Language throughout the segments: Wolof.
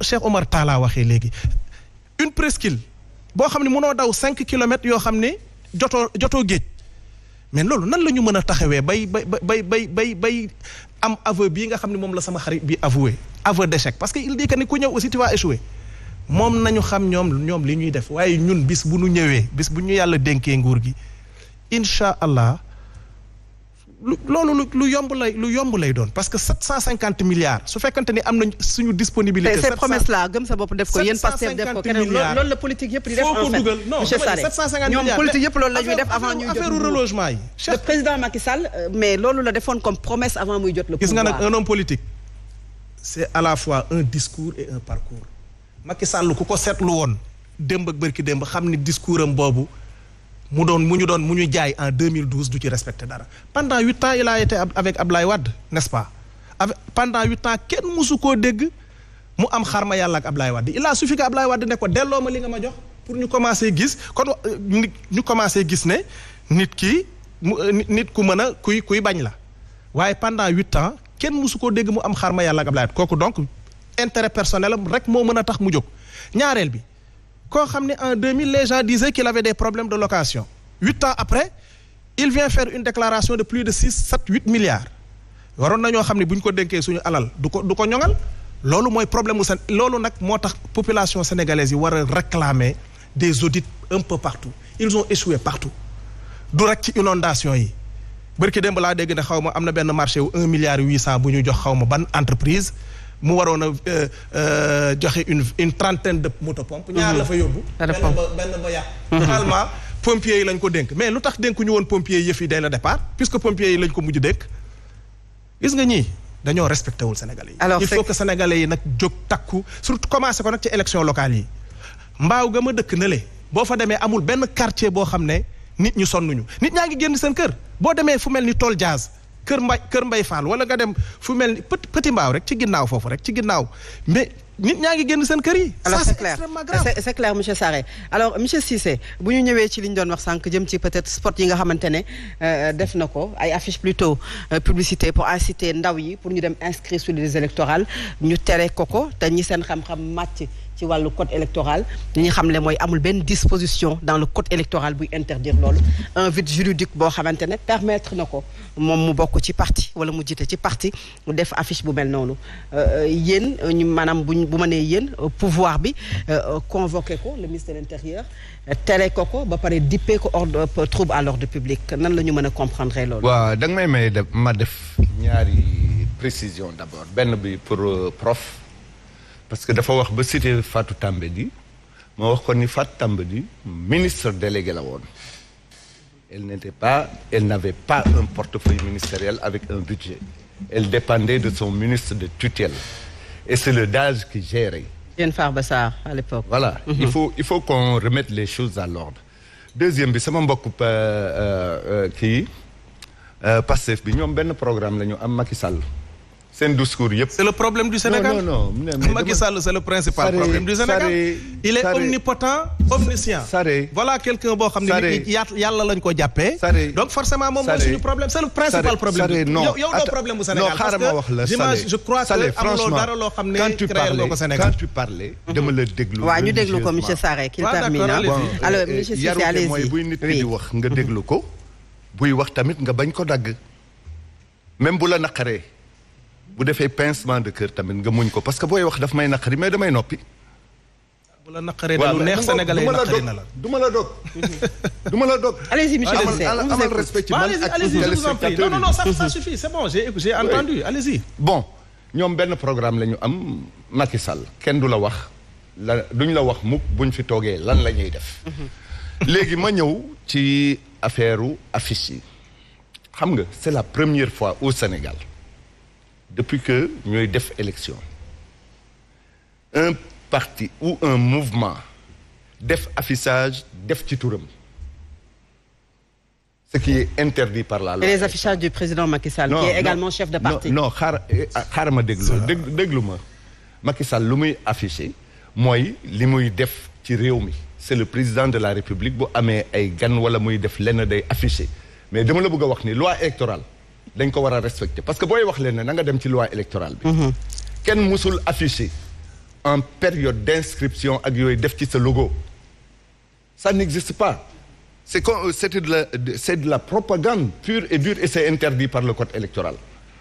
Cheikh Omar Talla waxee léegi une presqu'île boo xam ne mënoo daw cinq kilomètres yoo xam ne jotoo jotoo géej mais loolu nan la ñu mën a taxawee bay bay bay bay bay bay am aveu bii nga xam ne moom la sama xarit bi avoué aveu d'échec parce que il dit que ni ku ñëw aussi tu vas échouer moom nañu xam ñoom ñoom li ñuy def waaye ñun bis bu ñu ñëwee bis bu ñu yàlla dénkee nguur gi incha allah lu loolu lu yomb lay lu yomb lay doon parce que sept cent cinquante milliards su fekkante ni am nañ suñu disponibilité. cette promesse là gëm sa bopp def ko yéen Pastef def ko keneen loolu la politique yëpp di def en fait monsieur Sare ñoom loolu la ñuy def avant ñuy affaire relogement yi. le président Macky euh, mais loolu la defoon comme promesse avant muy jot le pouvoir. gis nga nag à la fois un discours et un parcours. ku ko seet lu woon démb ak bërki démb xam ni discours am boobu. mu doon mu ñu doon mu ñu jaay en 2012 du ci respecté dara pendant huit ans il a été avec Ablaye Wade n'est-ce pas avec pendant huit ans kenn musu koo dégg mu am xarma yàlla ak Ablaye Wade il a suffi que ne ko delloo ma li nga ma jox pour ñu commencer gis kon euh, ñu commencer gis ne nit ki euh, nit ku mën a kuy kuy bañ la waaye pendant huit ans kenn musu koo dégg mu am xarma yàlla ak Ablaye Wade kooku donc intérêt personnel am rek moo mën a tax mu jóg ñaareel bi. koo xam ne en 2000 les gens disaient qu'il avait des problèmes de location huit ans après il vient faire une déclaration de plus de six sept huit milliards waroon na ñoo xam ne bu ko denkee suñu alal du ko du ko ñoŋal loolu mooy problème mu seen loolu nag moo tax population sénégalaise yi war a réclamer des audits un peu partout ils ont échoué partout du rek ci inondation yi bërki démb laa dégg ne xaw ma am na benn marché wu un milliard huit cent bu ñu jox xaw ma ban entreprise mu waroon a euh, euh, joxe une une trentaine de motopompes. Mhm. ñaar la fa yóbbu. benn ba benn ba yàq. finalement mhm. pompiers yi lañ ko dénk mais lu tax dénkuñu woon pompiers yëf yi dès le départ puisque pompiers yi lañ ko mujj dénk gis nga ñii. dañoo respecté wul Sénégalais yi. alors il faut yi nag jóg takku surtout commencé ko nag ci élection locale yi. mbaaw ga ma dëkk na le boo fa demee amul benn quartier boo xam ne nit ñu sonnuñu nit ñaa ngi génn seen kër boo demee fu mel ni tool jazz kër mbay kër mbay faal wala nga dem fu mel ni petit mbaaw rek ci ginnaaw foofu rek ci ginnaaw mais ñaa ngi génn seen kër yi. alors c'est clair c'est monsieur Sarré alors monsieur Cissé bu ñu ñëwee ci li ñu doon wax sànq jëm ci peut-être sport yi nga xamante ne euh, def na ko ay affiche plutôt euh, publicité pour inciter ndaw yi pour ñu dem inscrire sur les électorales ñu tere ko ko te ñi seen xam-xam màcc. ci wàllu code électoral li ñu xam le mooy amul benn disposition dans le code électoral buy interdire loolu un vide juridique boo xamante ne permettre na ko moom mu bokk ci parti wala mu jiite ci parti mu def affice bu mel noonu euh, euh, yéen ñu maanaam buñ bu ma nee yéen euh, pouvoir bi convoqué ko le ministre de l'intérieur tere ko ko ba pare dippee ko ordre trouble à l'ordre public nan la ñu mën a comprendre loolu waaw da nga may may ma def ñaari précision d'abord benn bi pour prof parce que dafa wax ba cité Fatou Tambedi moo wax ko ni Fatou Tambedi ministre délégué la woon elle pas elle n'avait pas un portefeuille ministériel avec un budget elle dépendait de son ministre de tutelle et c'est le DAGE qui gérait Diène Farba voilà mm il faut il faut qu'on remette les choses à l'ordre deuxième bi sama mbokk euh, euh, euh, kii Pastef bi ñoom benn programme la ñu am Macky Sall seen discours yëpp. c'est le problème du Sénégal non non c'est le principal problème du Sénégal. il est omnipotent omniscient. voilà quelqu'un boo xam ne nit ñi yàlla lañ ko jàppee. donc forcément moom mooy suñu problème c'est le principal problème. yow yow doo problème bu Sénégal parce que je crois que amuloo dara loo xam ne créer quand tu parlais dama la déglu. waaw ñu déglu ko monsieur Sare qu'il termine alors euh, monsieur Cissé allez-y mooy buy nit di wax nga tamit nga bañ ko dagg même bu la naqaree bu defee pincement de cœur tamit nga muñ ko parce que booy wax daf may naqari mais damay noppi. bu la naqaree da lu neex sénégalais naqari na la du ma la dog du ma la dog. allez-y monsieur le Seye amal respect ci man ak téléspectateurs non non ça ça suffit c'est bon j'ai j'ai entendu allez-y. bon ñoom benn programme la ñu am Macky Sall kenn du la wax la duñ la wax mukk buñ fi toogee lan la ñuy def. Mhm. léegi ma ñëw ci affaire affiche yi xam nga c'est la première fois au Sénégal. depuis que ñooy def élection un parti ou un mouvement def affichage def ci turam ce qui est interdit par la loi. Et les affichages du président Macky Sall. qui est également chef de parti. non eh, xaar ma déglu déglu ma Macky lu muy affiché mooy li muy def ci réew mi c'est le président de la République bu amee ay gan wala muy def lenn day affiché mais dama la bëgg a wax ni loi électorale. dañ ko war a respecter parce que booy wax leen na nga dem ci loi électorale bi. Mhm. kenn musul afficher en période d'inscription ak yooyu def ci sa logo. ça n'existe pas c'est c'était euh, de la c'est de la propagande pure et dure et c'est interdit par le code électoral.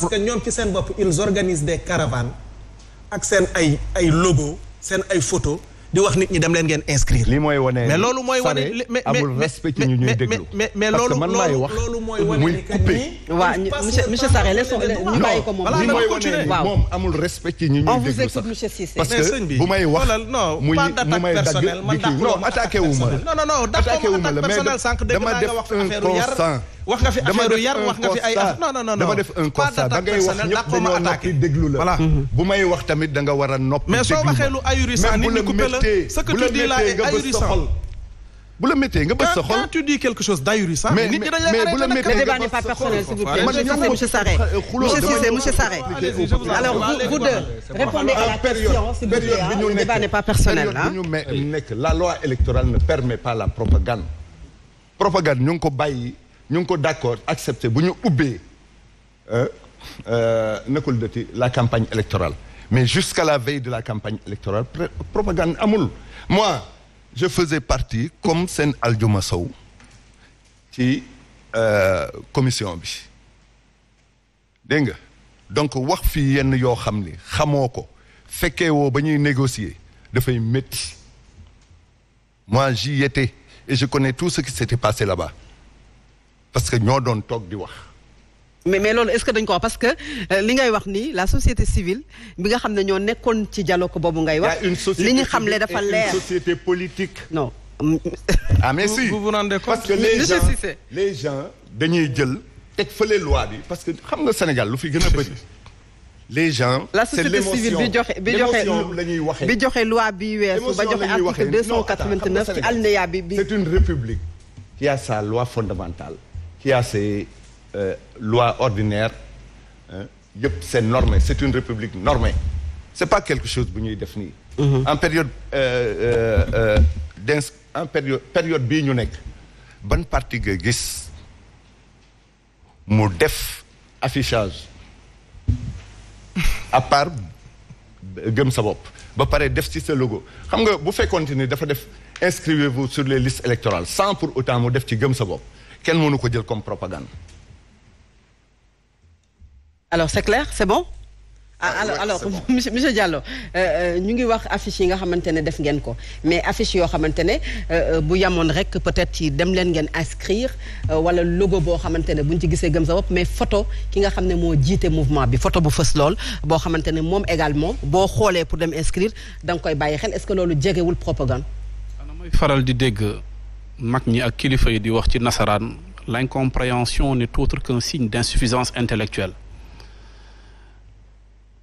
parce que ñoom ci seen bopp ils organisent des caravanes ak seen ay ay seen ay photo di wax nit ñi dem ngeen inscrire. li mooy wane mais loolu mooy wane mais amul respect ci mais mais moom. amul respect ci ñu ñuy déglu parce que bu may wax muy may dagg di kii non attaqué wu ma la. non non non attaqué wu ma la mais dama def wax nga fi affaire yar wax nga fi ay non non non dama def un constat da ngay wax ñëpp dañoo noppi déglu la voilà mm-hmm. bu may wax tamit da nga war a noppi mais soo waxee lu ahurissant nit ñi coupé la ce que tu dis là est ahurissant bu la méttee nga bës sa xol quand tu dis quelque chose d'ahurissant mais nit ñi dañ lay arrêté nag le débat n'est pas personnel s'il vous plaît monsieur Sarré monsieur Cissé monsieur Sarré alors vous vous deux répondez à la question s'il vous plaît le débat n'est pas personnel ah période bi ñu nekk la loi électorale ne permet pas la propagande propagande ñu ngi ko bàyyi ñu ngi ko d'accord accepté bu ñu ubbee euh, euh, nakul dati la campagne électorale mais jusqu'à la veille de la campagne électorale propagande amul moi je faisais partie comme seen aljuma sow ci euh, commission bi dégg nga donc wax fii yenn yoo xam ni xamoo ko fekkee woo ba ñuy négocier dafay métti moi j'y étais et je connais tout ce qui s'était passé là-bas parce que ñoo doon toog di wax. mais mais loolu est-ce que dañ ko wax parce que euh, li ngay wax ni la société civile bi nga xam ne ñoo nekkoon ci ko boobu ngay wax. li ñu xamle dafa leer une société politique. non. ah mais les gens dañuy jël teg fële loi bi parce que xam nga Sénégal lu fi gën a bëri. les gens la société civile bi joxe bi joxe bi joxe loi bi weesu ba joxe article 289 ci alinéa bi bi c'est une république qui a sa loi fondamentale qui a ses euh, loi ordinaire ordinaires yëpp c'est normé c'est une république normée c'est pas quelque chose bu ñuy def nii mhm. en période euh, euh, d' en période période bii ñu nekk ban parti nga gis mu def affichage à part gëm sa bopp ba pare def ci sa logo xam nga bu fekkoonte ni dafa def inscrivez-vous sur les listes électorales sans pour autant mu def ci gëm sa bopp kenn mënu ko jël comme propagande. alors c'est clair c'est bon. ah, ah alors alors euh, euh, ñu ngi wax affice yi nga xamante ne def ngeen ko mais affiche yoo xamante ne euh, bu yamoon rek peut-être ci dem leen ngeen inscrire wala logo boo xamante ne buñ ci gisee gëm sa bopp mais photo ki nga xam ne moo jiite mouvement bi photo bu fës lool boo xamante ne moom également boo xoolee pour dem inscrire da nga koy bàyyi xel est-ce que loolu jegewul propagande. ana faral di dégg. mag ñi ak kilifa yi di wax ci nasaraan l'incompréhension n'est autre qu'un signe d'insuffisance intellectuelle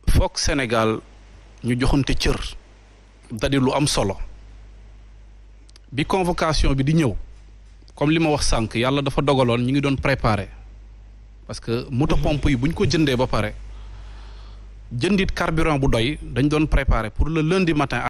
foog Sénégal ñu joxante cër dadi lu am solo bi convocation bi di ñëw comme li ma wax sànq yàlla dafa dogaloon ñu ngi doon préparer parce que moto pompe yi bu ñu ko jëndee ba pare jëndit carburant bu doy dañ doon préparer pour le lundi matin